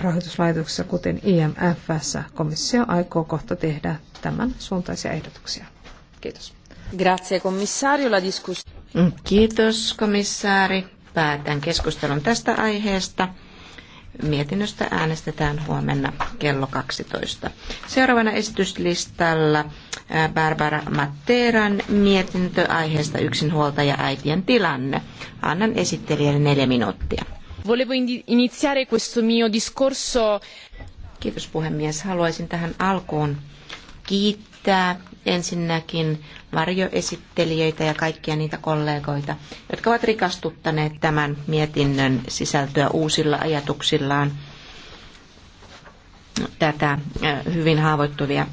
rahoituslaitoksissa, kuten IMFssä, komissio aikoo kohta tehdä tämän suuntaisia ehdotuksia. Kiitos. Grazie, Commissario, La discuss- mm, Kiitos, komissaari. Päätän keskustelun tästä aiheesta. Mietinnöstä äänestetään huomenna kello 12. Seuraavana esityslistalla Barbara Matteran mietintö aiheesta yksinhuoltaja äitien tilanne. Annan esittelijälle neljä minuuttia. Volevo iniziare questo mio discorso. Kiitos puhemies. Haluaisin tähän alkuun kiittää ensinnäkin varjoesittelijöitä ja kaikkia niitä kollegoita, jotka ovat rikastuttaneet tämän mietinnön sisältöä uusilla ajatuksillaan tätä hyvin haavoittuvia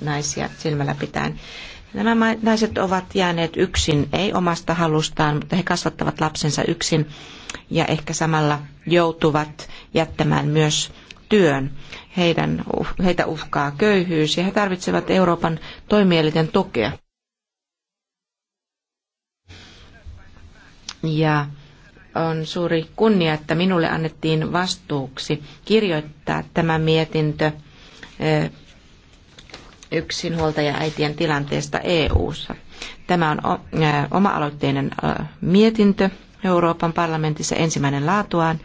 naisia silmällä pitäen. Nämä naiset ovat jääneet yksin, ei omasta halustaan, mutta he kasvattavat lapsensa yksin ja ehkä samalla joutuvat jättämään myös työn. Heidän, uh, heitä uhkaa köyhyys ja he tarvitsevat Euroopan toimielinten tukea. Ja on suuri kunnia, että minulle annettiin vastuuksi kirjoittaa tämä mietintö eh, yksinhuoltaja äitien tilanteesta EU:ssa. Tämä on oma-aloitteinen mietintö Euroopan parlamentissa ensimmäinen laatuaan,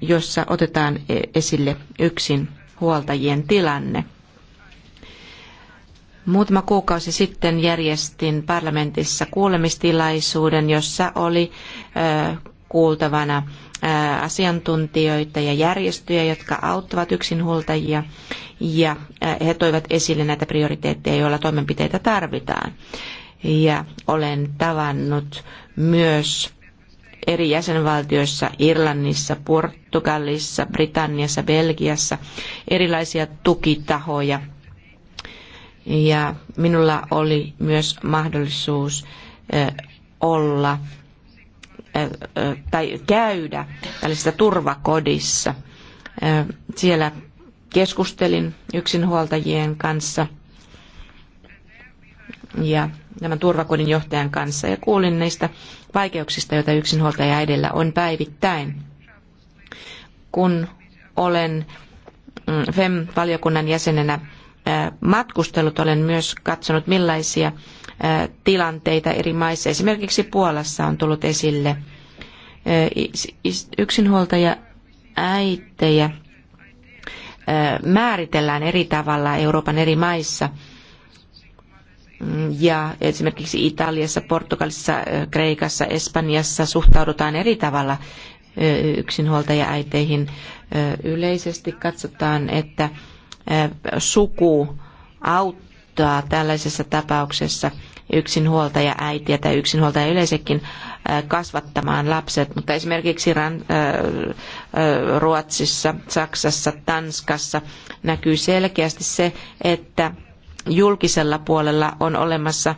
jossa otetaan e, esille yksinhuoltajien tilanne. Muutama kuukausi sitten järjestin parlamentissa kuulemistilaisuuden, jossa oli kuultavana asiantuntijoita ja järjestöjä, jotka auttavat yksinhuoltajia, ja he toivat esille näitä prioriteetteja, joilla toimenpiteitä tarvitaan. Ja olen tavannut myös eri jäsenvaltioissa, Irlannissa, Portugalissa, Britanniassa, Belgiassa, erilaisia tukitahoja. Ja minulla oli myös mahdollisuus olla tai käydä tällaisessa turvakodissa. Siellä keskustelin yksinhuoltajien kanssa ja tämän turvakodin johtajan kanssa ja kuulin niistä vaikeuksista, joita yksinhuoltaja edellä on päivittäin. Kun olen mm, FEM-valiokunnan jäsenenä matkustellut, olen myös katsonut millaisia tilanteita eri maissa, esimerkiksi Puolassa on tullut esille yksinhuoltaja määritellään eri tavalla Euroopan eri maissa. Mm, ja esimerkiksi Italiassa, Portugalissa, Kreikassa, Espanjassa suhtaudutaan eri tavalla yksinhuoltaja-äiteihin. Yleisesti katsotaan, että suku auttaa tällaisessa tapauksessa yksinhuoltaja äitiä tai yksinhuoltaja yleensäkin kasvattamaan lapset, mutta esimerkiksi Ruotsissa, Saksassa, Tanskassa näkyy selkeästi se, että julkisella puolella on olemassa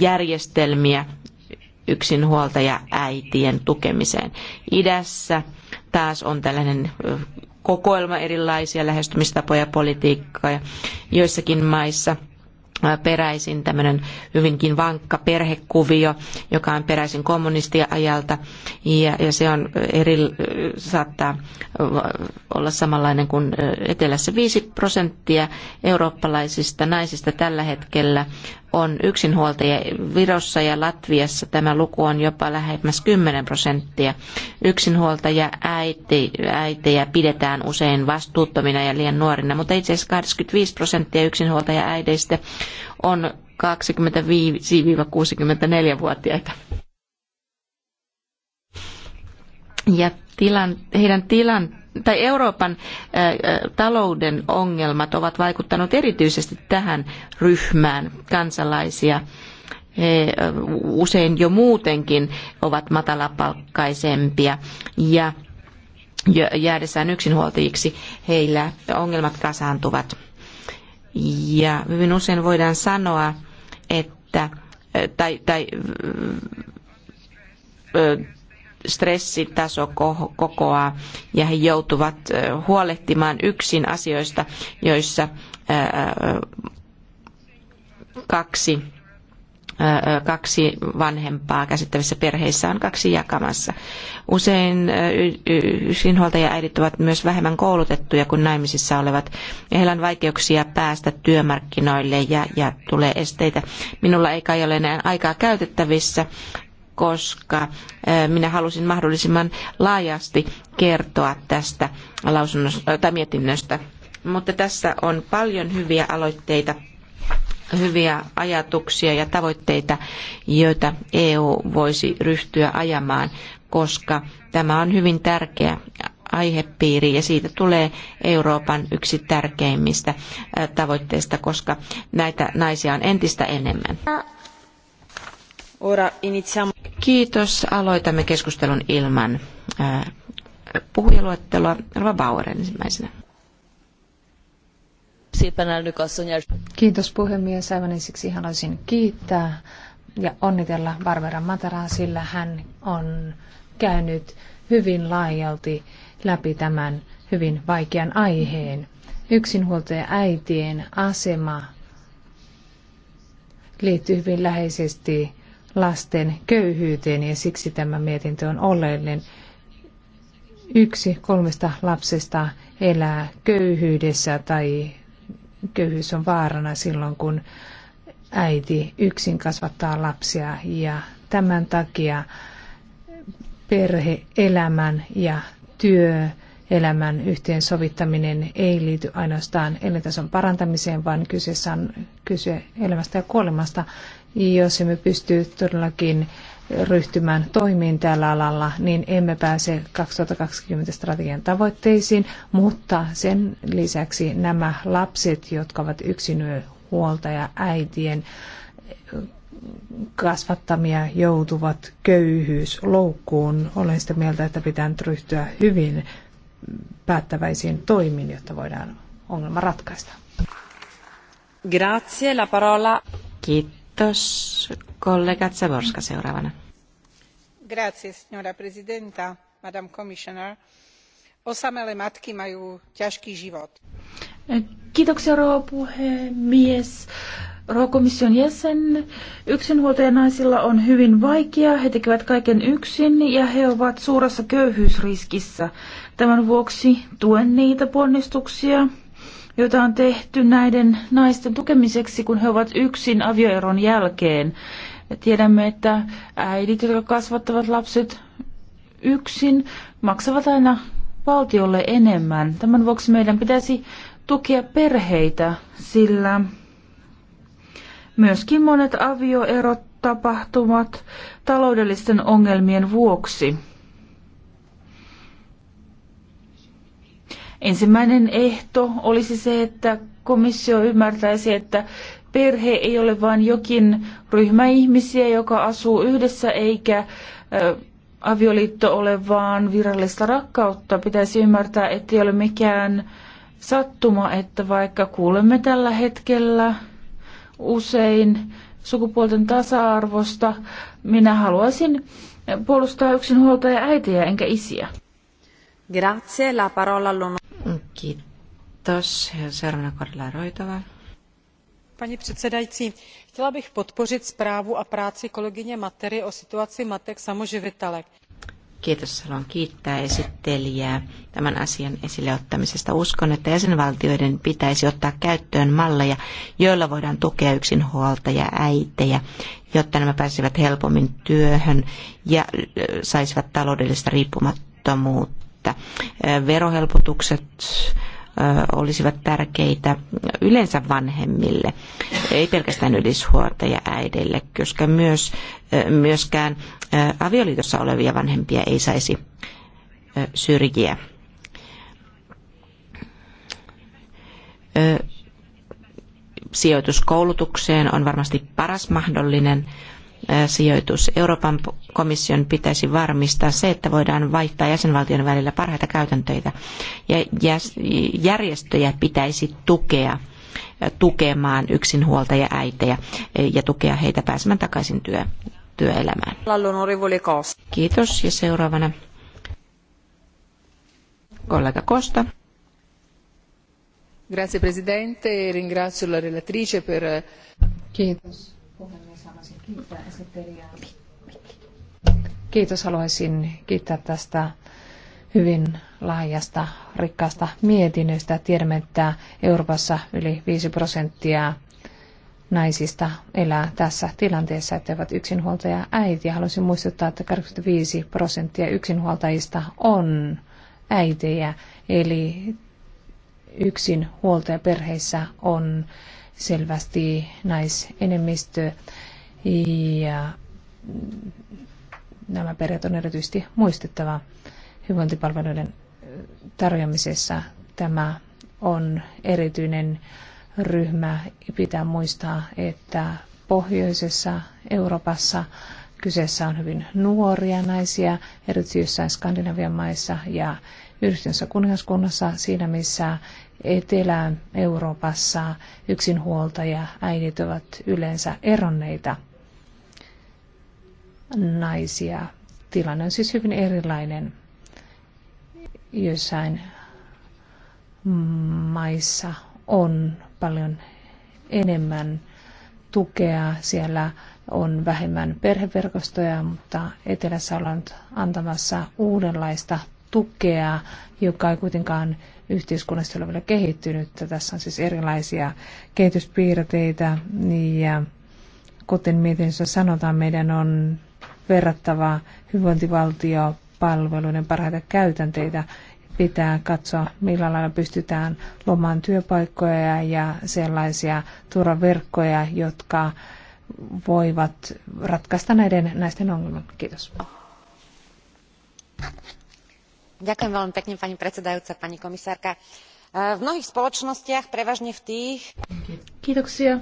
järjestelmiä yksinhuoltaja äitien tukemiseen. Idässä taas on tällainen kokoelma erilaisia lähestymistapoja politiikkaa. Joissakin maissa peräisin tämmöinen hyvinkin vankka perhekuvio, joka on peräisin kommunistiajalta ja, ja se on eri, saattaa olla samanlainen kuin etelässä. 5 prosenttia eurooppalaisista naisista tällä hetkellä on yksinhuoltajia. Virossa ja Latviassa tämä luku on jopa lähemmäs 10 prosenttia. Yksinhuoltaja äiti, äitejä pidetään usein vastuuttomina ja liian nuorina, mutta itse asiassa 85 prosenttia yksinhuoltaja äideistä on 25-64-vuotiaita. Ja tilan, heidän tilan, tai Euroopan talouden ongelmat ovat vaikuttaneet erityisesti tähän ryhmään kansalaisia. He usein jo muutenkin ovat matalapalkkaisempia ja jäädessään yksinhuoltajiksi heillä ongelmat kasaantuvat. Ja hyvin usein voidaan sanoa, että tai, tai taso kokoaa ja he joutuvat huolehtimaan yksin asioista, joissa kaksi kaksi vanhempaa käsittävissä perheissä on kaksi jakamassa. Usein yksinhuoltajaäidit ovat myös vähemmän koulutettuja kuin naimisissa olevat, ja heillä on vaikeuksia päästä työmarkkinoille ja, ja tulee esteitä. Minulla ei kai ole enää aikaa käytettävissä koska minä halusin mahdollisimman laajasti kertoa tästä tai mietinnöstä. Mutta tässä on paljon hyviä aloitteita, hyviä ajatuksia ja tavoitteita, joita EU voisi ryhtyä ajamaan, koska tämä on hyvin tärkeä aihepiiri ja siitä tulee Euroopan yksi tärkeimmistä tavoitteista, koska näitä naisia on entistä enemmän. Ora iniziamo. Kiitos. Aloitamme keskustelun ilman puhujaluettelua. Rova Bauer ensimmäisenä. Kiitos puhemies. Aivan ensiksi haluaisin kiittää ja onnitella Barbara Mataraa, sillä hän on käynyt hyvin laajalti läpi tämän hyvin vaikean aiheen. Yksinhuoltaja äitien asema liittyy hyvin läheisesti lasten köyhyyteen ja siksi tämä mietintö on oleellinen. Yksi kolmesta lapsesta elää köyhyydessä tai köyhyys on vaarana silloin, kun äiti yksin kasvattaa lapsia ja tämän takia perheelämän ja työelämän yhteensovittaminen ei liity ainoastaan elintason parantamiseen, vaan kyseessä on kyse elämästä ja kuolemasta jos emme pysty todellakin ryhtymään toimiin tällä alalla, niin emme pääse 2020 strategian tavoitteisiin, mutta sen lisäksi nämä lapset, jotka ovat yksinhuoltaja äitien kasvattamia joutuvat köyhyysloukkuun. Olen sitä mieltä, että pitää nyt ryhtyä hyvin päättäväisiin toimiin, jotta voidaan ongelma ratkaista. Grazie, la parola. Kiitos. Kiitos. Kollega Zaborska seuraavana. Grazie, signora presidenta, madam commissioner. Osamele matky majú ťažký život. Kiitoksia, rouva puhemies. Rouva komission jäsen, yksinhuoltajanaisilla on hyvin vaikea, he tekevät kaiken yksin ja he ovat suuressa köyhyysriskissä. Tämän vuoksi tuen niitä ponnistuksia, joita on tehty näiden naisten tukemiseksi, kun he ovat yksin avioeron jälkeen. Tiedämme, että äidit, jotka kasvattavat lapset yksin, maksavat aina valtiolle enemmän. Tämän vuoksi meidän pitäisi tukea perheitä, sillä myöskin monet avioerot tapahtuvat taloudellisten ongelmien vuoksi. Ensimmäinen ehto olisi se, että komissio ymmärtäisi, että perhe ei ole vain jokin ryhmä ihmisiä, joka asuu yhdessä, eikä avioliitto ole vaan virallista rakkautta. Pitäisi ymmärtää, ettei ole mikään sattuma, että vaikka kuulemme tällä hetkellä usein sukupuolten tasa-arvosta, minä haluaisin puolustaa yksinhuoltaja äitiä enkä isiä. Grazie, la parola Kiitos. Paní předsedající, chtěla bych podpořit zprávu a práci kolegyně Matery o situaci matek samoživitelek. Kiitos. Haluan kiittää esittelijää tämän asian esille ottamisesta. Uskon, että jäsenvaltioiden pitäisi ottaa käyttöön malleja, joilla voidaan tukea yksinhuoltajia äitejä, jotta nämä pääsivät helpommin työhön ja saisivat taloudellista riippumattomuutta että verohelpotukset olisivat tärkeitä yleensä vanhemmille, ei pelkästään ylishuoltaja äidille, koska myös, myöskään avioliitossa olevia vanhempia ei saisi syrjiä. Sijoitus koulutukseen on varmasti paras mahdollinen sijoitus. Euroopan komission pitäisi varmistaa se, että voidaan vaihtaa jäsenvaltioiden välillä parhaita käytäntöitä ja järjestöjä pitäisi tukea tukemaan yksinhuoltaja äitejä ja tukea heitä pääsemään takaisin työ, työelämään. Kiitos ja seuraavana kollega Costa. Grazie Presidente, ringrazio la relatrice per... Kiitos puhemies, haluaisin kiittää esittelijää. Kiitos, haluaisin kiittää tästä hyvin laajasta, rikkaasta mietinnöstä. Tiedämme, että Euroopassa yli 5 prosenttia naisista elää tässä tilanteessa, että ovat yksinhuoltaja äitiä. Haluaisin muistuttaa, että 85 prosenttia yksinhuoltajista on äitejä, eli yksinhuoltajaperheissä on selvästi naisenemmistö ja nämä perheet on erityisesti muistettava hyvinvointipalveluiden tarjoamisessa. Tämä on erityinen ryhmä. Pitää muistaa, että pohjoisessa Euroopassa kyseessä on hyvin nuoria naisia, erityisesti jossain Skandinavian maissa ja Yhdistyneessä kuningaskunnassa siinä, missä Etelä-Euroopassa yksinhuoltaja äidit ovat yleensä eronneita naisia. Tilanne on siis hyvin erilainen jossain maissa on paljon enemmän tukea, siellä on vähemmän perheverkostoja, mutta etelässä ollaan antamassa uudenlaista tukea, joka ei kuitenkaan yhteiskunnassa ole vielä kehittynyt. Tässä on siis erilaisia kehityspiirteitä ja kuten mietinnössä sanotaan, meidän on verrattava hyvinvointivaltiopalveluiden parhaita käytänteitä pitää katsoa, millä lailla pystytään lomaan työpaikkoja ja sellaisia turvaverkkoja, jotka voivat ratkaista näiden naisten ongelmat. Kiitos. E, v mnohých spoločnostiach prevažne v tých Kiitoksia.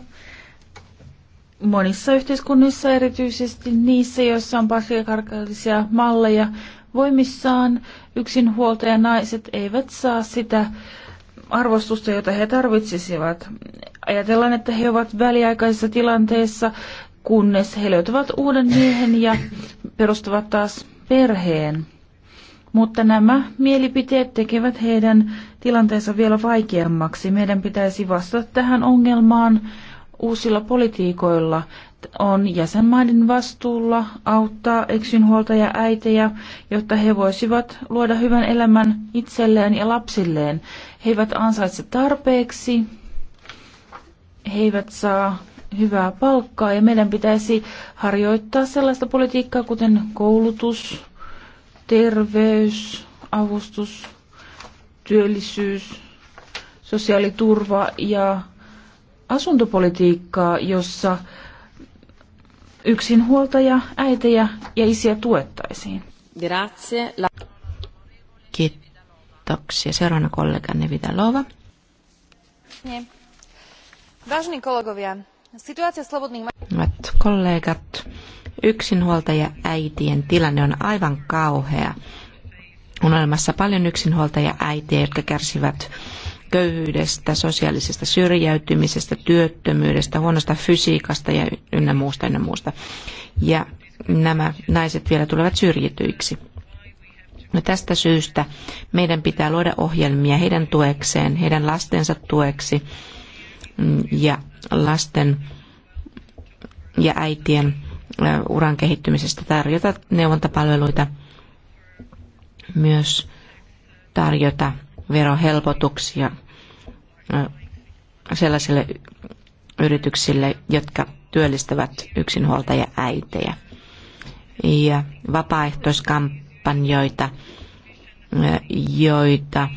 Monissa yhteiskunnissa, erityisesti niissä, joissa on patriarkaalisia malleja voimissaan, yksinhuoltajanaiset eivät saa sitä arvostusta, jota he tarvitsisivat. Ajatellaan, että he ovat väliaikaisessa tilanteessa, kunnes he löytävät uuden miehen ja perustavat taas perheen mutta nämä mielipiteet tekevät heidän tilanteensa vielä vaikeammaksi. Meidän pitäisi vastata tähän ongelmaan uusilla politiikoilla. On jäsenmaiden vastuulla auttaa eksynhuoltaja äitejä, jotta he voisivat luoda hyvän elämän itselleen ja lapsilleen. He eivät ansaitse tarpeeksi, he eivät saa hyvää palkkaa ja meidän pitäisi harjoittaa sellaista politiikkaa kuten koulutus, terveys, avustus, työllisyys, sosiaaliturva ja asuntopolitiikkaa, jossa yksinhuoltaja, äitejä ja isiä tuettaisiin. Grazie. Kiitoksia. Seuraavana kollega Nevidalova. Niin. Vážení kolegovia, Hyvät kollegat, Yksinhuoltaja äitien tilanne on aivan kauhea. On olemassa paljon yksinhuoltaja äitiä, jotka kärsivät köyhyydestä, sosiaalisesta syrjäytymisestä, työttömyydestä, huonosta fysiikasta ja ynnä muusta, ynnä muusta. Ja nämä naiset vielä tulevat syrjityiksi. No tästä syystä meidän pitää luoda ohjelmia heidän tuekseen, heidän lastensa tueksi mm, ja lasten ja äitien Äh, uran kehittymisestä, tarjota neuvontapalveluita, myös tarjota verohelpotuksia äh, sellaisille yrityksille, jotka työllistävät yksinhuoltaja äitejä ja vapaaehtoiskampanjoita, äh, joita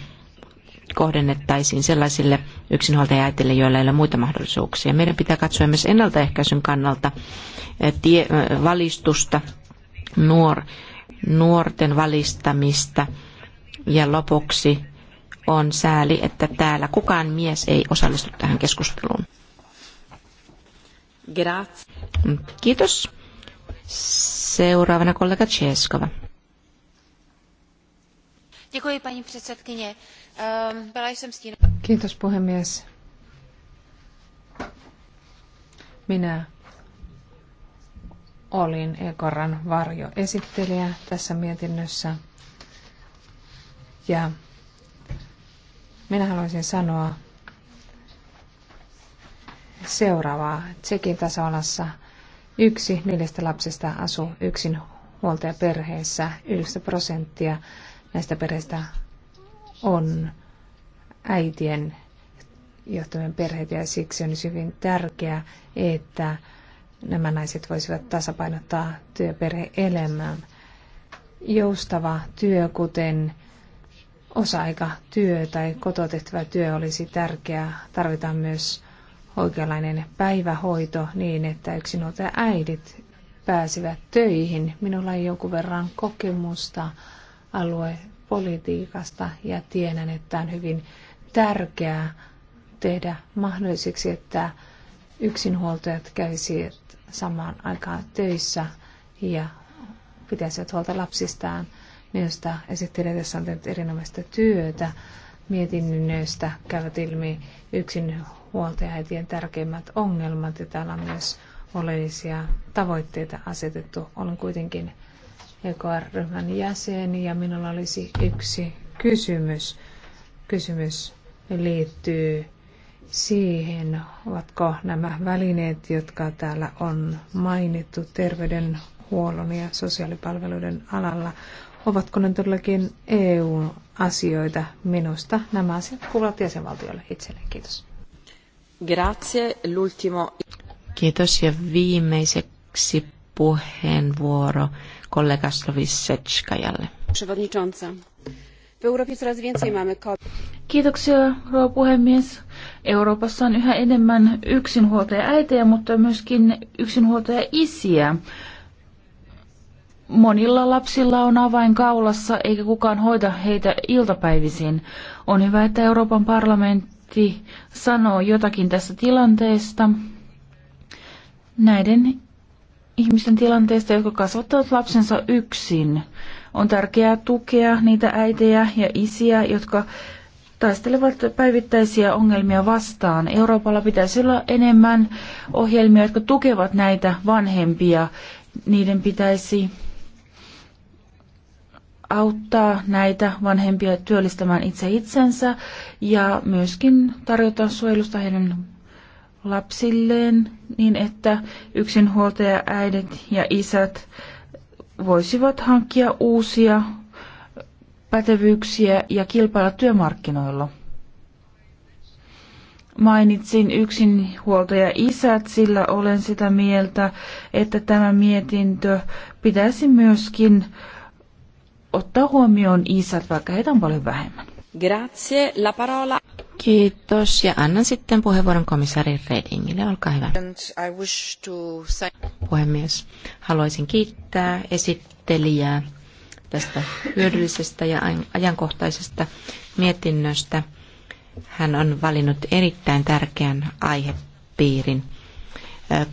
kohdennettaisiin sellaisille yksinhuoltajäitille, joilla ei ole muita mahdollisuuksia. Meidän pitää katsoa myös ennaltaehkäisyn kannalta eh, tie, eh, valistusta, nuor, nuorten valistamista ja lopuksi on sääli, että täällä kukaan mies ei osallistu tähän keskusteluun. Grazie. Kiitos. Seuraavana kollega Cheskova. Ehm, Kiitos puhemies. Minä olin Ekoran varjoesittelijä tässä mietinnössä. Ja minä haluaisin sanoa seuraavaa. Tsekin tasavallassa yksi neljästä lapsesta asuu yksin huoltajaperheessä, 9 prosenttia näistä perheistä on äitien johtamien perheitä ja siksi on hyvin tärkeää, että nämä naiset voisivat tasapainottaa työperhe elämään. Joustava työ, kuten osa-aikatyö tai kototehtävä työ olisi tärkeää. Tarvitaan myös oikeanlainen päivähoito niin, että yksinhuoltaja äidit pääsivät töihin. Minulla on jonkun verran kokemusta aluepolitiikasta ja tiedän, että on hyvin tärkeää tehdä mahdolliseksi, että yksinhuoltajat kävisivät samaan aikaan töissä ja pitäisivät huolta lapsistaan. Minusta esittelijä tässä on tehnyt erinomaista työtä. Mietinnöistä käyvät ilmi yksinhuoltajien tärkeimmät ongelmat ja täällä on myös oleellisia tavoitteita asetettu. Olen kuitenkin EKR-ryhmän jäseni ja minulla olisi yksi kysymys. Kysymys liittyy siihen, ovatko nämä välineet, jotka täällä on mainittu terveydenhuollon ja sosiaalipalveluiden alalla, ovatko ne todellakin EU-asioita minusta? Nämä asiat kuuluvat jäsenvaltiolle itselleen. Kiitos. Grazie. L'ultimo. Kiitos ja viimeiseksi puheenvuoro kollega Przewodnicząca. W Europie coraz więcej mamy Kiitoksia, rouva puhemies. Euroopassa on yhä enemmän yksinhuoltaja-äitejä, mutta myöskin yksinhuoltaja-isiä. Monilla lapsilla on avain kaulassa, eikä kukaan hoida heitä iltapäivisin. On hyvä, että Euroopan parlamentti sanoo jotakin tästä tilanteesta. Näiden ihmisten tilanteesta, jotka kasvattavat lapsensa yksin. On tärkeää tukea niitä äitejä ja isiä, jotka taistelevat päivittäisiä ongelmia vastaan. Euroopalla pitäisi olla enemmän ohjelmia, jotka tukevat näitä vanhempia. Niiden pitäisi auttaa näitä vanhempia työllistämään itse itsensä ja myöskin tarjota suojelusta heidän lapsilleen niin, että yksinhuoltaja äidit ja isät voisivat hankkia uusia pätevyyksiä ja kilpailla työmarkkinoilla. Mainitsin yksinhuoltaja isät, sillä olen sitä mieltä, että tämä mietintö pitäisi myöskin ottaa huomioon isät, vaikka heitä on paljon vähemmän. Grazie, la parola. Kiitos ja annan sitten puheenvuoron komissaari Redingille. Olkaa hyvä. Puhemies, haluaisin kiittää esittelijää tästä hyödyllisestä ja ajankohtaisesta mietinnöstä. Hän on valinnut erittäin tärkeän aihepiirin.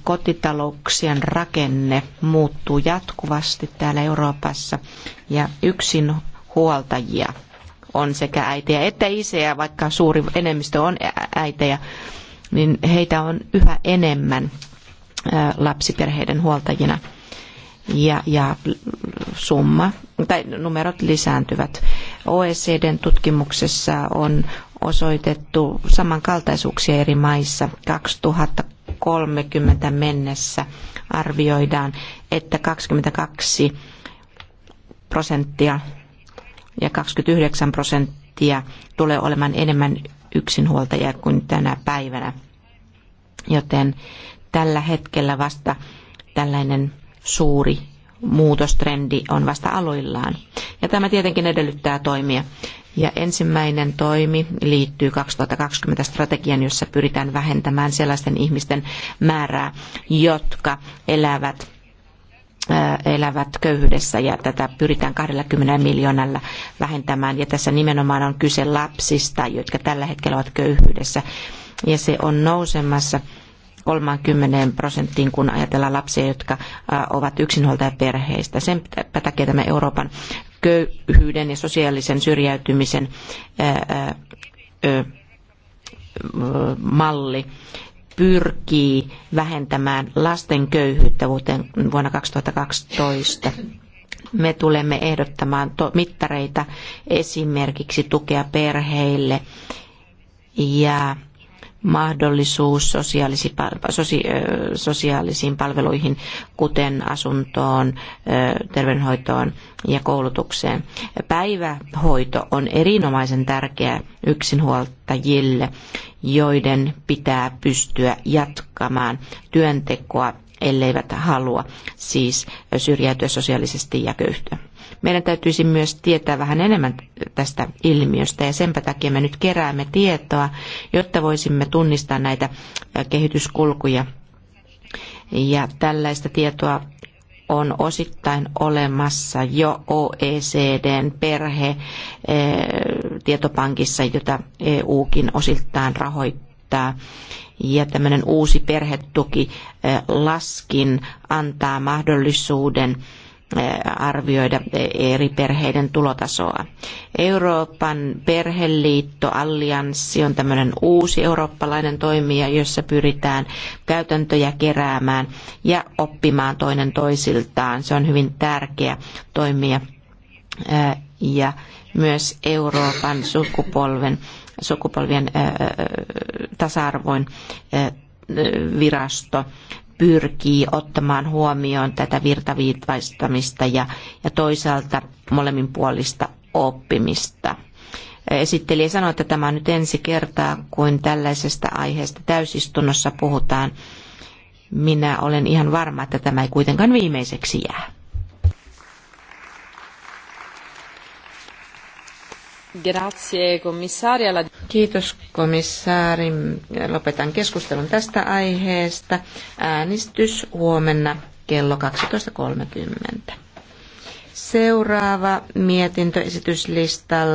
Kotitalouksien rakenne muuttuu jatkuvasti täällä Euroopassa ja yksin huoltajia on sekä äitejä että isiä, vaikka suuri enemmistö on äitejä, niin heitä on yhä enemmän lapsiperheiden huoltajina. Ja, ja summa tai numerot lisääntyvät. OECDn tutkimuksessa on osoitettu samankaltaisuuksia eri maissa 2030 mennessä arvioidaan, että 22 prosenttia ja 29 prosenttia tulee olemaan enemmän yksinhuoltajia kuin tänä päivänä. Joten tällä hetkellä vasta tällainen suuri muutostrendi on vasta aloillaan. Ja tämä tietenkin edellyttää toimia. Ja ensimmäinen toimi liittyy 2020 strategian, jossa pyritään vähentämään sellaisten ihmisten määrää, jotka elävät elävät köyhyydessä ja tätä pyritään 20 miljoonalla vähentämään. Ja tässä nimenomaan on kyse lapsista, jotka tällä hetkellä ovat köyhyydessä. Ja se on nousemassa 30 prosenttiin, kun ajatellaan lapsia, jotka ovat yksinhuoltajaperheistä. Sen takia tämä Euroopan köyhyyden ja sosiaalisen syrjäytymisen malli pyrkii vähentämään lasten köyhyyttä vuoteen vuonna 2012. Me tulemme ehdottamaan mittareita esimerkiksi tukea perheille ja mahdollisuus sosiaalisi, sosi, sosiaalisiin palveluihin, kuten asuntoon, terveydenhoitoon ja koulutukseen. Päivähoito on erinomaisen tärkeä yksinhuoltajille, joiden pitää pystyä jatkamaan työntekoa, elleivät halua siis syrjäytyä sosiaalisesti ja köyhtyä meidän täytyisi myös tietää vähän enemmän tästä ilmiöstä ja senpä takia me nyt keräämme tietoa, jotta voisimme tunnistaa näitä kehityskulkuja. Ja tällaista tietoa on osittain olemassa jo OECDn perhe tietopankissa, jota EUkin osittain rahoittaa. Ja tämmöinen uusi perhetuki laskin antaa mahdollisuuden arvioida eri perheiden tulotasoa. Euroopan perheliitto Allianssi on tämmöinen uusi eurooppalainen toimija, jossa pyritään käytäntöjä keräämään ja oppimaan toinen toisiltaan. Se on hyvin tärkeä toimija ja myös Euroopan sukupolven, sukupolvien tasa-arvoin virasto pyrkii ottamaan huomioon tätä virtaviivaistamista ja, ja toisaalta molemminpuolista oppimista. Esittelijä sanoi, että tämä on nyt ensi kertaa, kun tällaisesta aiheesta täysistunnossa puhutaan. Minä olen ihan varma, että tämä ei kuitenkaan viimeiseksi jää. Grazie, komissaria. Kiitos komissaari. Lopetan keskustelun tästä aiheesta. Äänestys huomenna kello 12.30. Seuraava mietintöesityslistalla.